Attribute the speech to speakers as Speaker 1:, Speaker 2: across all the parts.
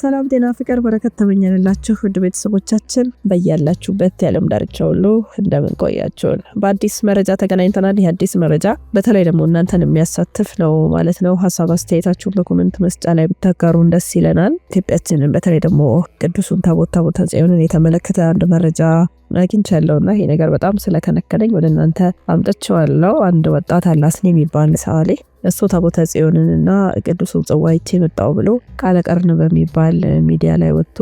Speaker 1: ሰላም ጤና ፍቅር በረከት ተመኘንላችሁ ውድ ቤተሰቦቻችን በያላችሁበት የዓለም ዳርቻ ሁሉ እንደምንቆያችሁን በአዲስ መረጃ ተገናኝተናል። ይህ አዲስ መረጃ በተለይ ደግሞ እናንተን የሚያሳትፍ ነው ማለት ነው። ሀሳብ አስተያየታችሁን በኮመንት መስጫ ላይ ብታጋሩን ደስ ይለናል። ኢትዮጵያችንን በተለይ ደግሞ ቅዱሱን ታቦት ታቦተ ጽዮንን የተመለከተ አንድ መረጃ እና ይሄ ነገር በጣም ስለከነከለኝ ወደ እናንተ አምጥቼዋለሁ። አንድ ወጣት አላስኔ የሚባል ሰዓሊ እሱ ታቦተ እና ቅዱሱን ጽዋ አይቼ መጣሁ ብሎ ቃለ ቀርን በሚባል ሚዲያ ላይ ወጥቶ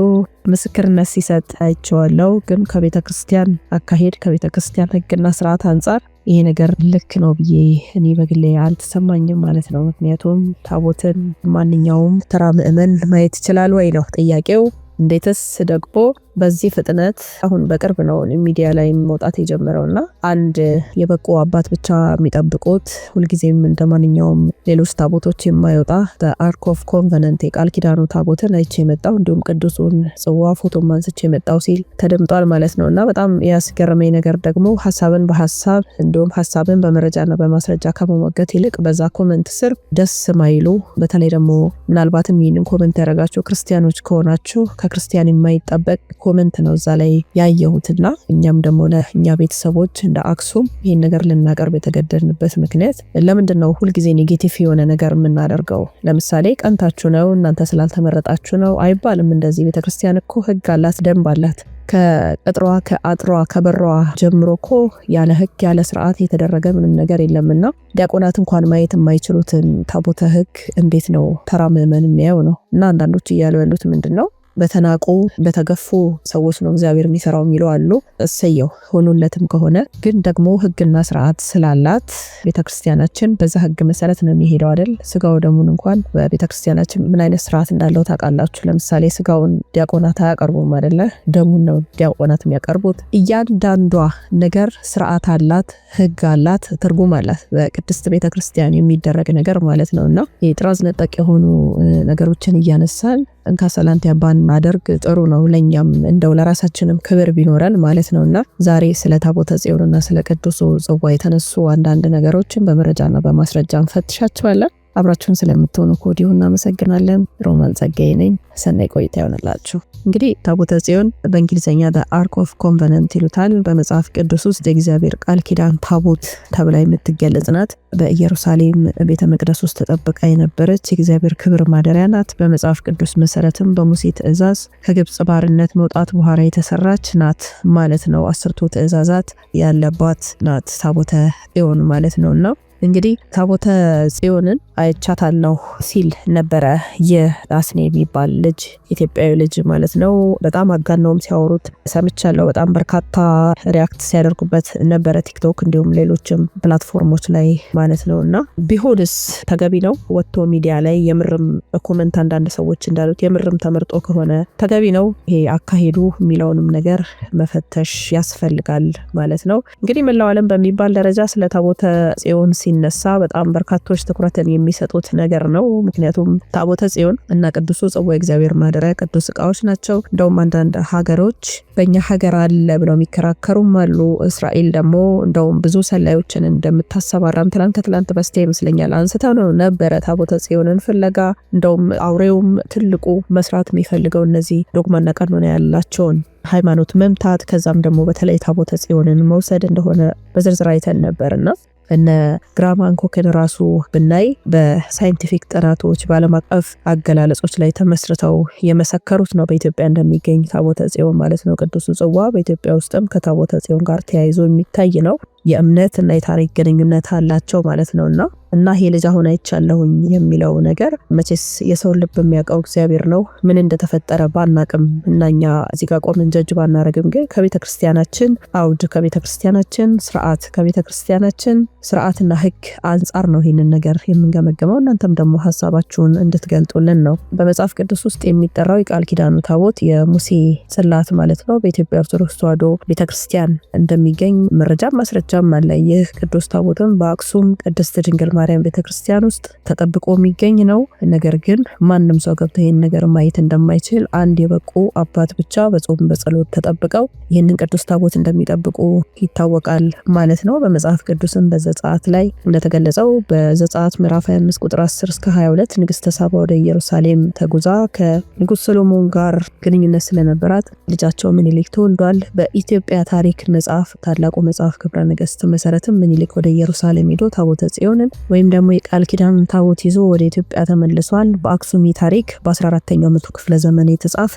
Speaker 1: ምስክርነት ሲሰጥ አይቼዋለሁ። ግን ከቤተ ክርስቲያን አካሄድ ከቤተ ክርስቲያን ሕግና ስርዓት አንጻር ይሄ ነገር ልክ ነው ብዬ እኔ በግሌ አልተሰማኝም ማለት ነው። ምክንያቱም ታቦትን ማንኛውም ተራ ምእመን ማየት ይችላል ወይ ነው ጥያቄው። እንዴትስ ደግሞ በዚህ ፍጥነት አሁን በቅርብ ነው ሚዲያ ላይ መውጣት የጀመረው እና አንድ የበቁ አባት ብቻ የሚጠብቁት ሁልጊዜም እንደ ማንኛውም ሌሎች ታቦቶች የማይወጣ አርክ ኦፍ ኮንቨነንት የቃል ኪዳኑ ታቦትን አይቼ የመጣው እንዲሁም ቅዱሱን ጽዋ ፎቶ ማንስቼ የመጣው ሲል ተደምጧል ማለት ነው እና በጣም ያስገረመኝ ነገር ደግሞ ሀሳብን በሀሳብ እንዲሁም ሀሳብን በመረጃና በማስረጃ ከመሞገት ይልቅ በዛ ኮመንት ስር ደስ ማይሉ በተለይ ደግሞ ምናልባትም ይህንን ኮመንት ያደረጋችሁ ክርስቲያኖች ከሆናችሁ ከክርስቲያን የማይጠበቅ ኮመንት ነው እዛ ላይ ያየሁትና እኛም ደግሞ ለእኛ ቤተሰቦች እንደ አክሱም ይህን ነገር ልናቀርብ የተገደድንበት ምክንያት ለምንድን ነው ሁልጊዜ ኔጌቲቭ የሆነ ነገር የምናደርገው? ለምሳሌ ቀንታችሁ ነው እናንተ ስላልተመረጣችሁ ነው አይባልም። እንደዚህ ቤተክርስቲያን እኮ ህግ አላት፣ ደንብ አላት። ከቅጥሯ ከአጥሯ ከበሯ ጀምሮ እኮ ያለ ህግ ያለ ስርዓት የተደረገ ምንም ነገር የለምና ዲያቆናት እንኳን ማየት የማይችሉትን ታቦተ ህግ እንዴት ነው ተራ ምዕመን የሚያየው ነው? እና አንዳንዶች እያሉ ያሉት ምንድን ነው በተናቁ በተገፉ ሰዎች ነው እግዚአብሔር የሚሰራው የሚለው አሉ። እሰየው ሆኑለትም ከሆነ ግን ደግሞ ህግና ስርዓት ስላላት ቤተክርስቲያናችን በዛ ህግ መሰረት ነው የሚሄደው አይደል? ስጋው ወደሙን እንኳን በቤተክርስቲያናችን ምን አይነት ስርዓት እንዳለው ታውቃላችሁ። ለምሳሌ ስጋውን ዲያቆናት አያቀርቡም አይደለ? ደሙን ነው ዲያቆናት የሚያቀርቡት። እያንዳንዷ ነገር ስርዓት አላት፣ ህግ አላት፣ ትርጉም አላት። በቅድስት ቤተክርስቲያን የሚደረግ ነገር ማለት ነው እና የጥራዝ ነጠቅ የሆኑ ነገሮችን እያነሳል እንካ ያባን ማደርግ ጥሩ ነው። ለእኛም እንደው ለራሳችንም ክብር ቢኖረን ማለት ነው። እና ዛሬ ስለ ታቦተ ጽዮንና ስለ ቅዱሱ ጽዋ የተነሱ አንዳንድ ነገሮችን በመረጃና በማስረጃ እንፈትሻቸዋለን። አብራችሁን ስለምትሆኑ ከወዲሁ እናመሰግናለን። ሮማን ጸጋዬ ነኝ። ሰናይ ቆይታ ይሆንላችሁ። እንግዲህ ታቦተ ጽዮን በእንግሊዝኛ አርክ ኦፍ ኮንቨነንት ይሉታል። በመጽሐፍ ቅዱስ ውስጥ የእግዚአብሔር ቃል ኪዳን ታቦት ተብላ የምትገለጽ ናት። በኢየሩሳሌም ቤተ መቅደስ ውስጥ ተጠብቃ የነበረች የእግዚአብሔር ክብር ማደሪያ ናት። በመጽሐፍ ቅዱስ መሰረትም በሙሴ ትእዛዝ ከግብፅ ባርነት መውጣት በኋላ የተሰራች ናት ማለት ነው። አስርቱ ትእዛዛት ያለባት ናት ታቦተ ጽዮን ማለት ነውና እንግዲህ ታቦተ ጽዮንን አይቻታለሁ ሲል ነበረ። የአስኔ የሚባል ልጅ ኢትዮጵያዊ ልጅ ማለት ነው። በጣም አጋነውም ሲያወሩት ሰምቻለሁ። በጣም በርካታ ሪያክት ሲያደርጉበት ነበረ ቲክቶክ፣ እንዲሁም ሌሎችም ፕላትፎርሞች ላይ ማለት ነው። እና ቢሆንስ ተገቢ ነው ወጥቶ ሚዲያ ላይ የምርም ኮመንት፣ አንዳንድ ሰዎች እንዳሉት የምርም ተመርጦ ከሆነ ተገቢ ነው ይሄ አካሄዱ የሚለውንም ነገር መፈተሽ ያስፈልጋል ማለት ነው። እንግዲህ መላው ዓለም በሚባል ደረጃ ስለ ታቦተ ጽዮን ሲነሳ በጣም በርካቶች ትኩረትን የሚሰጡት ነገር ነው። ምክንያቱም ታቦተ ጽዮን እና ቅዱሱ ጽዋ እግዚአብሔር ማደሪያ ቅዱስ እቃዎች ናቸው። እንደውም አንዳንድ ሀገሮች በእኛ ሀገር አለ ብለው የሚከራከሩም አሉ። እስራኤል ደግሞ እንደውም ብዙ ሰላዮችን እንደምታሰባራም ትላንት ከትላንት በስቲያ ይመስለኛል አንስተው ነው ነበረ ታቦተ ጽዮንን ፍለጋ። እንደውም አውሬውም ትልቁ መስራት የሚፈልገው እነዚህ ዶግማና ቀኖና ያላቸውን ሃይማኖት መምታት ከዛም ደግሞ በተለይ ታቦተ ጽዮንን መውሰድ እንደሆነ በዝርዝር አይተን ነበርና እነ ግራም ሃንኮክን ራሱ ብናይ በሳይንቲፊክ ጥናቶች በዓለም አቀፍ አገላለጾች ላይ ተመስርተው የመሰከሩት ነው። በኢትዮጵያ እንደሚገኝ ታቦተ ጽዮን ማለት ነው። ቅዱሱ ጽዋ በኢትዮጵያ ውስጥም ከታቦተ ጽዮን ጋር ተያይዞ የሚታይ ነው። የእምነት እና የታሪክ ግንኙነት አላቸው ማለት ነውና እና ይሄ ልጅ አሁን አይቻለሁኝ የሚለው ነገር መቼስ የሰውን ልብ የሚያውቀው እግዚአብሔር ነው። ምን እንደተፈጠረ ባናቅም እና እኛ እዚህ ጋር ቆምን ጀጅ ባናረግም፣ ግን ከቤተ ክርስቲያናችን አውድ ከቤተ ክርስቲያናችን ስርዓት ከቤተ ክርስቲያናችን ስርዓትና ህግ አንጻር ነው ይህንን ነገር የምንገመገመው። እናንተም ደግሞ ሀሳባችሁን እንድትገልጡልን ነው። በመጽሐፍ ቅዱስ ውስጥ የሚጠራው የቃል ኪዳኑ ታቦት የሙሴ ጽላት ማለት ነው። በኢትዮጵያ ኦርቶዶክስ ተዋህዶ ቤተ ክርስቲያን እንደሚገኝ መረጃም ማስረጃም አለ። ይህ ቅዱስ ታቦትም በአክሱም ቅድስት ድንግል ማርያም ቤተክርስቲያን ውስጥ ተጠብቆ የሚገኝ ነው። ነገር ግን ማንም ሰው ገብቶ ይህን ነገር ማየት እንደማይችል አንድ የበቁ አባት ብቻ በጾም በጸሎት ተጠብቀው ይህንን ቅዱስ ታቦት እንደሚጠብቁ ይታወቃል ማለት ነው። በመጽሐፍ ቅዱስም በዘጸአት ላይ እንደተገለጸው በዘጸአት ምዕራፍ 25 ቁጥር 10 እስከ 22 ንግስተ ሳባ ወደ ኢየሩሳሌም ተጉዛ ከንጉስ ሰሎሞን ጋር ግንኙነት ስለነበራት ልጃቸው ምኒልክ ተወልዷል። በኢትዮጵያ ታሪክ መጽሐፍ ታላቁ መጽሐፍ ክብረ ነገስት መሰረትም ምኒልክ ወደ ኢየሩሳሌም ሄዶ ታቦተ ጽዮንን ወይም ደግሞ የቃል ኪዳን ታቦት ይዞ ወደ ኢትዮጵያ ተመልሷል። በአክሱሚ ታሪክ በ14ኛው መቶ ክፍለ ዘመን የተጻፈ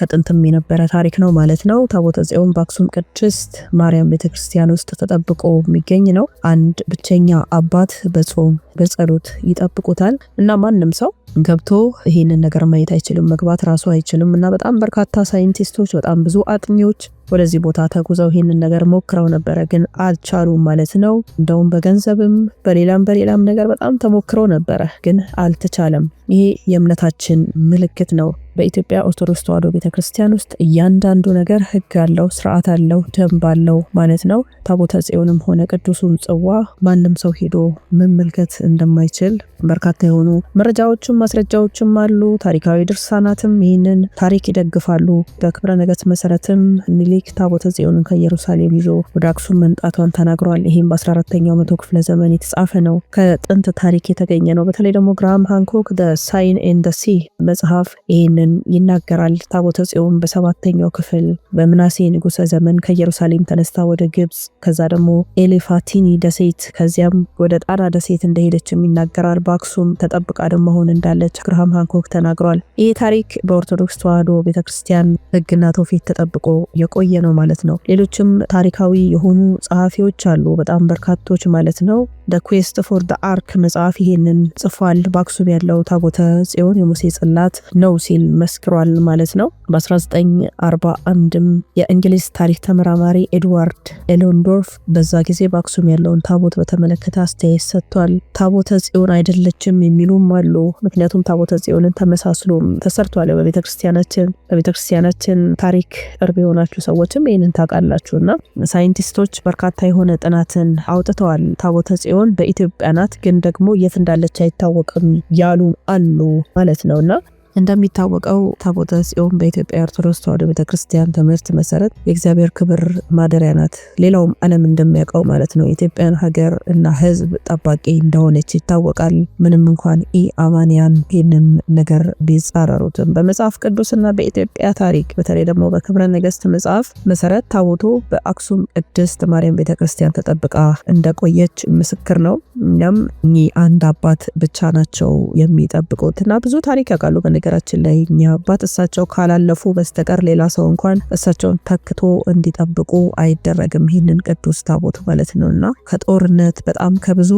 Speaker 1: ከጥንትም የነበረ ታሪክ ነው ማለት ነው። ታቦተ ጽዮን በአክሱም ቅድስት ማርያም ቤተክርስቲያን ውስጥ ተጠብቆ የሚገኝ ነው። አንድ ብቸኛ አባት በጾም በጸሎት ይጠብቁታል እና ማንም ሰው ገብቶ ይህንን ነገር ማየት አይችልም፣ መግባት ራሱ አይችልም እና በጣም በርካታ ሳይንቲስቶች፣ በጣም ብዙ አጥኚዎች ወደዚህ ቦታ ተጉዘው ይህንን ነገር ሞክረው ነበረ፣ ግን አልቻሉም ማለት ነው። እንደውም በገንዘብም በሌላም በሌላም ነገር በጣም ተሞክሮ ነበረ፣ ግን አልተቻለም። ይሄ የእምነታችን ምልክት ነው። በኢትዮጵያ ኦርቶዶክስ ተዋሕዶ ቤተክርስቲያን ውስጥ እያንዳንዱ ነገር ህግ አለው፣ ስርዓት አለው፣ ደንብ አለው ማለት ነው። ታቦተ ጽዮንም ሆነ ቅዱሱን ጽዋ ማንም ሰው ሄዶ መመልከት እንደማይችል በርካታ የሆኑ መረጃዎችም ማስረጃዎችም አሉ። ታሪካዊ ድርሳናትም ይህንን ታሪክ ይደግፋሉ። በክብረ ነገሥት መሰረትም ሚሊክ ታቦተ ጽዮንን ከኢየሩሳሌም ይዞ ወደ አክሱም መምጣቷን ተናግሯል። ይህም በ14ኛው መቶ ክፍለ ዘመን የተጻፈ ነው። ከጥንት ታሪክ የተገኘ ነው። በተለይ ደግሞ ግራም ሃንኮክ ሳይን ኤንድ ሲ መጽሐፍ ይህንን ይናገራል። ታቦተ ጽዮን በሰባተኛው ክፍል በምናሴ ንጉሰ ዘመን ከኢየሩሳሌም ተነስታ ወደ ግብፅ፣ ከዛ ደግሞ ኤሌፋቲኒ ደሴት፣ ከዚያም ወደ ጣና ደሴት እንደሄደችም ይናገራል። በአክሱም ተጠብቃ ደግሞ እንዳለች ግርሃም ሃንኮክ ተናግሯል። ይህ ታሪክ በኦርቶዶክስ ተዋህዶ ቤተክርስቲያን ሕግና ትውፊት ተጠብቆ የቆየ ነው ማለት ነው። ሌሎችም ታሪካዊ የሆኑ ጸሐፊዎች አሉ፣ በጣም በርካቶች ማለት ነው። ደ ኩዌስት ፎር ደ አርክ መጽሐፍ ይሄንን ጽፏል። በአክሱም ያለው ታቦተ ጽዮን የሙሴ ጽላት ነው ሲል መስክሯል ማለት ነው። በ1941ም የእንግሊዝ ታሪክ ተመራማሪ ኤድዋርድ ኤሎንዶርፍ በዛ ጊዜ በአክሱም ያለውን ታቦት በተመለከተ አስተያየት ሰጥቷል። ታቦተ ጽዮን አይደለችም የሚሉም አሉ። ምክንያቱም ታቦተ ጽዮንን ተመሳስሎም ተሰርቷል በቤተክርስቲያናችን በቤተክርስቲያናችን ታሪክ እርብ የሆናችሁ ሰዎችም ይህንን ታውቃላችሁ እና ሳይንቲስቶች በርካታ የሆነ ጥናትን አውጥተዋል። ታቦተ ጽዮን በኢትዮጵያ ናት፣ ግን ደግሞ የት እንዳለች አይታወቅም ያሉ አሉ ማለት ነው እና እንደሚታወቀው ታቦተ ጽዮን በኢትዮጵያ ኦርቶዶክስ ተዋሕዶ ቤተክርስቲያን ትምህርት መሰረት የእግዚአብሔር ክብር ማደሪያ ናት። ሌላውም ዓለም እንደሚያውቀው ማለት ነው የኢትዮጵያን ሀገር እና ሕዝብ ጠባቂ እንደሆነች ይታወቃል። ምንም እንኳን ኢ አማንያን ይህንን ነገር ቢጻረሩትም በመጽሐፍ ቅዱስና በኢትዮጵያ ታሪክ በተለይ ደግሞ በክብረ ነገስት መጽሐፍ መሰረት ታቦቶ በአክሱም ቅድስት ማርያም ቤተክርስቲያን ተጠብቃ እንደቆየች ምስክር ነው። እኛም እኚህ አንድ አባት ብቻ ናቸው የሚጠብቁት እና ብዙ ታሪክ ያውቃሉ በነገራችን ላይ እኛ አባት እሳቸው ካላለፉ በስተቀር ሌላ ሰው እንኳን እሳቸውን ተክቶ እንዲጠብቁ አይደረግም። ይህንን ቅዱስ ታቦት ማለት ነው እና ከጦርነት በጣም ከብዙ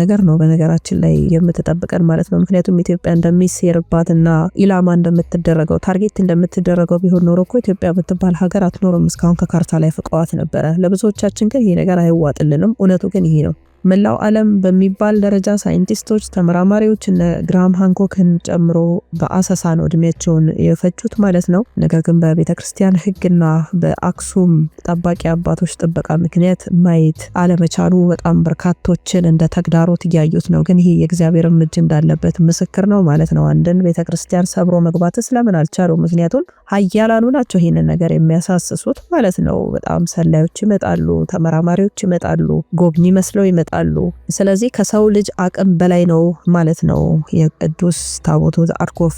Speaker 1: ነገር ነው በነገራችን ላይ የምትጠብቀን ማለት ነው። ምክንያቱም ኢትዮጵያ እንደሚሴርባትና ኢላማ እንደምትደረገው ታርጌት እንደምትደረገው ቢሆን ኖሮ እኮ ኢትዮጵያ የምትባል ሀገር አትኖርም። እስካሁን ከካርታ ላይ ፍቀዋት ነበረ። ለብዙዎቻችን ግን ይህ ነገር አይዋጥልንም። እውነቱ ግን ይሄ ነው። መላው ዓለም በሚባል ደረጃ ሳይንቲስቶች፣ ተመራማሪዎች እነ ግራም ሃንኮክን ጨምሮ በአሰሳ ነው እድሜያቸውን የፈጩት ማለት ነው። ነገር ግን በቤተ ክርስቲያን ሕግና በአክሱም ጠባቂ አባቶች ጥበቃ ምክንያት ማየት አለመቻሉ በጣም በርካቶችን እንደ ተግዳሮት እያዩት ነው። ግን ይህ የእግዚአብሔር እጅ እንዳለበት ምስክር ነው ማለት ነው። አንድን ቤተ ክርስቲያን ሰብሮ መግባትስ ለምን አልቻሉ? ምክንያቱም ሀያላኑ ናቸው ይህንን ነገር የሚያሳስሱት ማለት ነው። በጣም ሰላዮች ይመጣሉ፣ ተመራማሪዎች ይመጣሉ፣ ጎብኚ መስለው ይመጣሉ ይመጣሉ። ስለዚህ ከሰው ልጅ አቅም በላይ ነው ማለት ነው። የቅዱስ ታቦቱ አርክ ኦፍ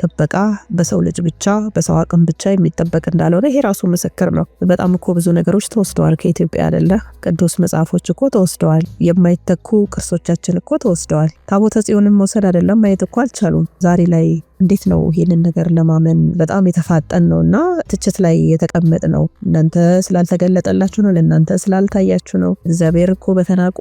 Speaker 1: ጥበቃ በሰው ልጅ ብቻ በሰው አቅም ብቻ የሚጠበቅ እንዳልሆነ ይሄ ራሱ ምስክር ነው። በጣም እኮ ብዙ ነገሮች ተወስደዋል ከኢትዮጵያ አደለ? ቅዱስ መጽሐፎች እኮ ተወስደዋል። የማይተኩ ቅርሶቻችን እኮ ተወስደዋል። ታቦተ ጽዮንን መውሰድ አይደለም ማየት እኮ አልቻሉም ዛሬ ላይ እንዴት ነው ይሄንን ነገር ለማመን በጣም የተፋጠን ነው እና ትችት ላይ የተቀመጥ ነው። እናንተ ስላልተገለጠላችሁ ነው፣ ለእናንተ ስላልታያችሁ ነው። እግዚአብሔር እኮ በተናቁ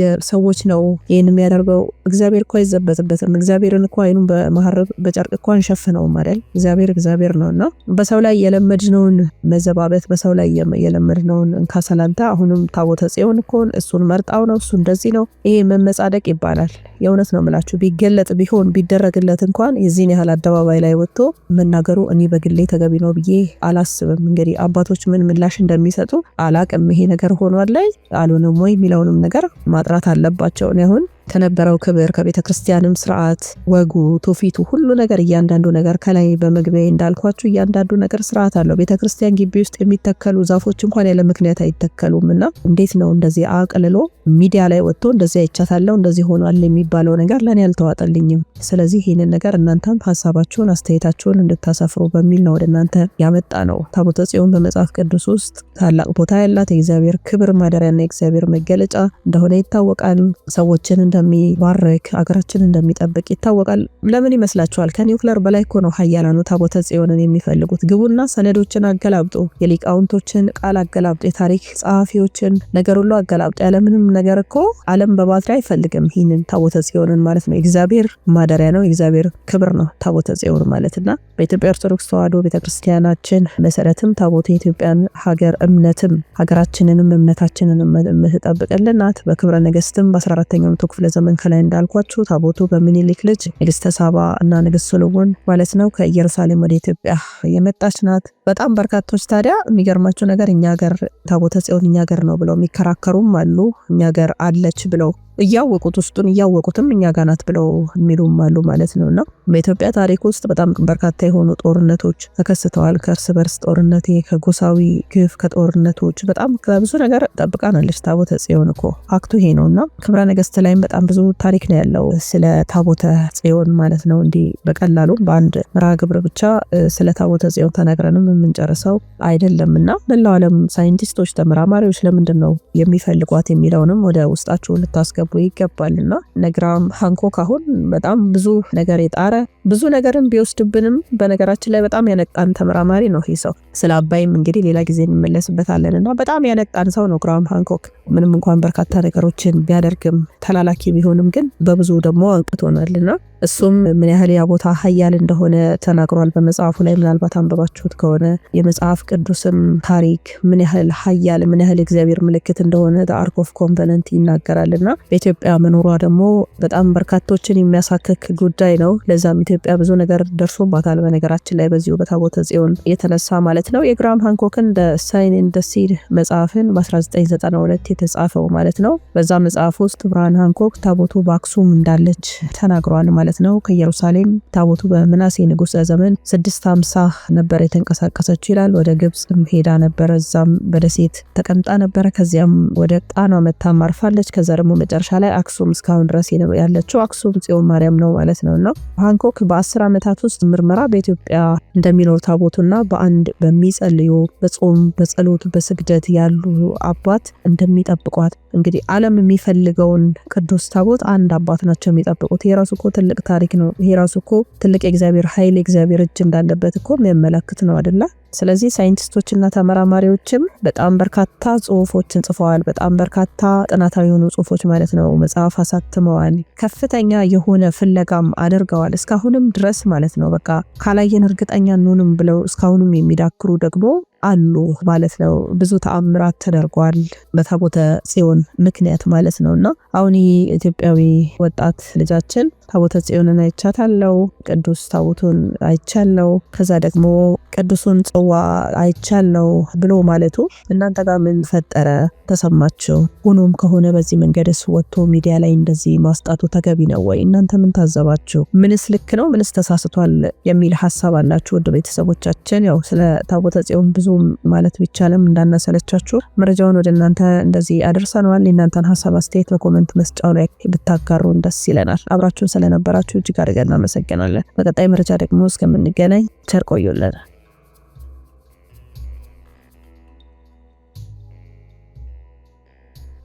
Speaker 1: የሰዎች ነው ይህን የሚያደርገው። እግዚአብሔር እኮ አይዘበትበትም። እግዚአብሔርን እኮ አይኑን በመሀረብ በጨርቅ እኮ አንሸፍነውም አይደል? እግዚአብሔር እግዚአብሔር ነው እና በሰው ላይ የለመድነውን መዘባበት፣ በሰው ላይ የለመድነውን እንካሰላንታ አሁንም ታቦተ ጽዮን እኮን እሱን መርጣው ነው እሱ እንደዚህ ነው ይሄ መመጻደቅ ይባላል። የእውነት ነው ምላችሁ ቢገለጥ ቢሆን ቢደረግለት እንኳን የዚህን ያህል አደባባይ ላይ ወጥቶ መናገሩ እኔ በግሌ ተገቢ ነው ብዬ አላስብም። እንግዲህ አባቶች ምን ምላሽ እንደሚሰጡ አላቅም። ይሄ ነገር ሆኗል ላይ አልሆነም ወይ የሚለውንም ነገር ማጥራት አለባቸው። አሁን ከነበረው ክብር ከቤተ ክርስቲያንም ስርዓት፣ ወጉ፣ ትውፊቱ ሁሉ ነገር እያንዳንዱ ነገር ከላይ በመግቢያ እንዳልኳችሁ እያንዳንዱ ነገር ስርዓት አለው። ቤተ ክርስቲያን ግቢ ውስጥ የሚተከሉ ዛፎች እንኳን ያለ ምክንያት አይተከሉም። እና እንዴት ነው እንደዚህ አቅልሎ ሚዲያ ላይ ወጥቶ እንደዚህ አይቻታለው እንደዚህ ሆኗል የሚባለው ነገር ለእኔ አልተዋጠልኝም። ስለዚህ ይህንን ነገር እናንተም ሀሳባችሁን አስተያየታችሁን እንድታሰፍሩ በሚል ነው ወደ እናንተ ያመጣ ነው። ታቦተ ጽዮን በመጽሐፍ ቅዱስ ውስጥ ታላቅ ቦታ ያላት የእግዚአብሔር ክብር ማደሪያና የእግዚአብሔር መገለጫ እንደሆነ ይታወቃል። ሰዎችን እንደ እንደሚባርክ አገራችን እንደሚጠብቅ ይታወቃል። ለምን ይመስላችኋል? ከኒውክሌር በላይ እኮ ነው ሀያላኑ ታቦተ ጽዮንን የሚፈልጉት። ግቡና ሰነዶችን አገላብጡ፣ የሊቃውንቶችን ቃል አገላብጡ፣ የታሪክ ጸሐፊዎችን ነገር ሁሉ አገላብጡ። ያለምንም ነገር እኮ ዓለም በባትሪ አይፈልግም ይህንን ታቦተ ጽዮንን ማለት ነው። እግዚአብሔር ማደሪያ ነው፣ እግዚአብሔር ክብር ነው ታቦተ ጽዮን ማለት እና በኢትዮጵያ ኦርቶዶክስ ተዋሕዶ ቤተክርስቲያናችን መሰረትም ታቦተ የኢትዮጵያን ሀገር እምነትም ሀገራችንንም እምነታችንን የምትጠብቅልን ናት። በክብረ ነገስትም በ14ኛው መቶ ክፍለ ዘመን ከላይ እንዳልኳችሁ ታቦቱ በሚኒሊክ ልጅ ንግስተ ሳባ እና ንግስት ሰሎሞን ማለት ነው ከኢየሩሳሌም ወደ ኢትዮጵያ የመጣች ናት። በጣም በርካቶች ታዲያ የሚገርማቸው ነገር እኛ ገር ታቦተ ጽዮን እኛ ገር ነው ብለው የሚከራከሩም አሉ። እኛ ገር አለች ብለው እያወቁት ውስጡን እያወቁትም እኛ ጋር ናት ብለው የሚሉም አሉ ማለት ነው። እና በኢትዮጵያ ታሪክ ውስጥ በጣም በርካታ የሆኑ ጦርነቶች ተከስተዋል። ከእርስ በርስ ጦርነት፣ ከጎሳዊ ግፍ፣ ከጦርነቶች በጣም ከብዙ ነገር ጠብቃናለች ታቦተ ጽዮን እኮ ፋክቱ ይሄ ነው። እና ክብረ ነገስት ላይም በጣም ብዙ ታሪክ ነው ያለው ስለ ታቦተ ጽዮን ማለት ነው። እንዲህ በቀላሉ በአንድ ምራ ግብር ብቻ ስለ ታቦተ ጽዮን ተነግረንም የምንጨርሰው አይደለም እና መላው ዓለም ሳይንቲስቶች፣ ተመራማሪዎች ለምንድን ነው የሚፈልጓት የሚለውንም ወደ ውስጣችሁ ልታስገቡ ሊያደርጉ ይገባልና ነግራም ሃንኮክ አሁን በጣም ብዙ ነገር የጣረ ብዙ ነገርን ቢወስድብንም በነገራችን ላይ በጣም ያነቃን ተመራማሪ ነው ይህ ሰው። ስለ አባይም እንግዲህ ሌላ ጊዜ እንመለስበታለን እና በጣም ያነቃን ሰው ነው ግራም ሃንኮክ። ምንም እንኳን በርካታ ነገሮችን ቢያደርግም ተላላኪ ቢሆንም ግን በብዙ ደግሞ አንቅቶናልና እሱም ምን ያህል ያ ቦታ ሀያል እንደሆነ ተናግሯል በመጽሐፉ ላይ ምናልባት አንበባችሁት ከሆነ የመጽሐፍ ቅዱስም ታሪክ ምን ያህል ሀያል ምን ያህል እግዚአብሔር ምልክት እንደሆነ አርክ ኦፍ ኮቨናንት ይናገራልና በኢትዮጵያ መኖሯ ደግሞ በጣም በርካቶችን የሚያሳክክ ጉዳይ ነው። ለዛም ኢትዮጵያ ብዙ ነገር ደርሶባታል። በነገራችን ላይ በዚሁ በታቦተ ጽዮን የተነሳ ማለት ነው። የግራም ሃንኮክን ሳይን ኢን ዘ ሲድ መጽሐፍን በ1992 የተጻፈው ማለት ነው። በዛ መጽሐፍ ውስጥ ብርሃን ሃንኮክ ታቦቱ በአክሱም እንዳለች ተናግሯል ማለት ነው። ከኢየሩሳሌም ታቦቱ በምናሴ ንጉሰ ዘመን 650 ነበር የተንቀሳቀሰችው ይላል። ወደ ግብጽ ሄዳ ነበረ። እዛም በደሴት ተቀምጣ ነበረ። ከዚያም ወደ ጣና መታ ማርፋለች። ከዛ ደግሞ መጨረሻ ላይ አክሱም እስካሁን ድረስ ያለችው አክሱም ጽዮን ማርያም ነው ማለት ነው። እና ሃንኮክ በአስር ዓመታት ውስጥ ምርመራ በኢትዮጵያ እንደሚኖር ታቦቱና በአንድ በሚጸልዩ በጾም በጸሎት በስግደት ያሉ አባት እንደሚጠብቋት እንግዲህ ዓለም የሚፈልገውን ቅዱስ ታቦት አንድ አባት ናቸው የሚጠብቁት። ይሄ ራሱ እኮ ትልቅ ታሪክ ነው። ይሄ ራሱ እኮ ትልቅ የእግዚአብሔር ኃይል የእግዚአብሔር እጅ እንዳለበት እኮ የሚያመላክት ነው አደላ ስለዚህ ሳይንቲስቶችና ተመራማሪዎችም በጣም በርካታ ጽሁፎችን ጽፈዋል። በጣም በርካታ ጥናታዊ የሆኑ ጽሁፎች ማለት ነው መጽሐፍ አሳትመዋል። ከፍተኛ የሆነ ፍለጋም አድርገዋል እስካሁንም ድረስ ማለት ነው። በቃ ካላየን እርግጠኛ እንሆንም ብለው እስካሁንም የሚዳክሩ ደግሞ አሉ ማለት ነው። ብዙ ተአምራት ተደርጓል በታቦተ ጽዮን ምክንያት ማለት ነው። እና አሁን ይህ ኢትዮጵያዊ ወጣት ልጃችን ታቦተ ጽዮንን አይቻታለው፣ ቅዱስ ታቦቱን አይቻለው፣ ከዛ ደግሞ ቅዱሱን ጽዋ አይቻለው ብሎ ማለቱ እናንተ ጋር ምን ፈጠረ ተሰማችሁ? ሆኖም ከሆነ በዚህ መንገድስ ወጥቶ ሚዲያ ላይ እንደዚህ ማስጣቱ ተገቢ ነው ወይ? እናንተ ምን ታዘባችሁ? ምንስ ልክ ነው? ምንስ ተሳስቷል? የሚል ሀሳብ አላችሁ? ውድ ቤተሰቦቻችን ያው ስለ ታቦተ ጽዮን ብዙ ማለት ቢቻልም እንዳናሰለቻችሁ መረጃውን ወደ እናንተ እንደዚህ አደርሰነዋል። የእናንተን ሀሳብ አስተያየት በኮመንት መስጫው ላይ ብታጋሩን ደስ ይለናል። አብራችሁን ስለነበራችሁ እጅግ አድርገን እናመሰግናለን። በቀጣይ መረጃ ደግሞ እስከምንገናኝ ቸር ቆዩልን።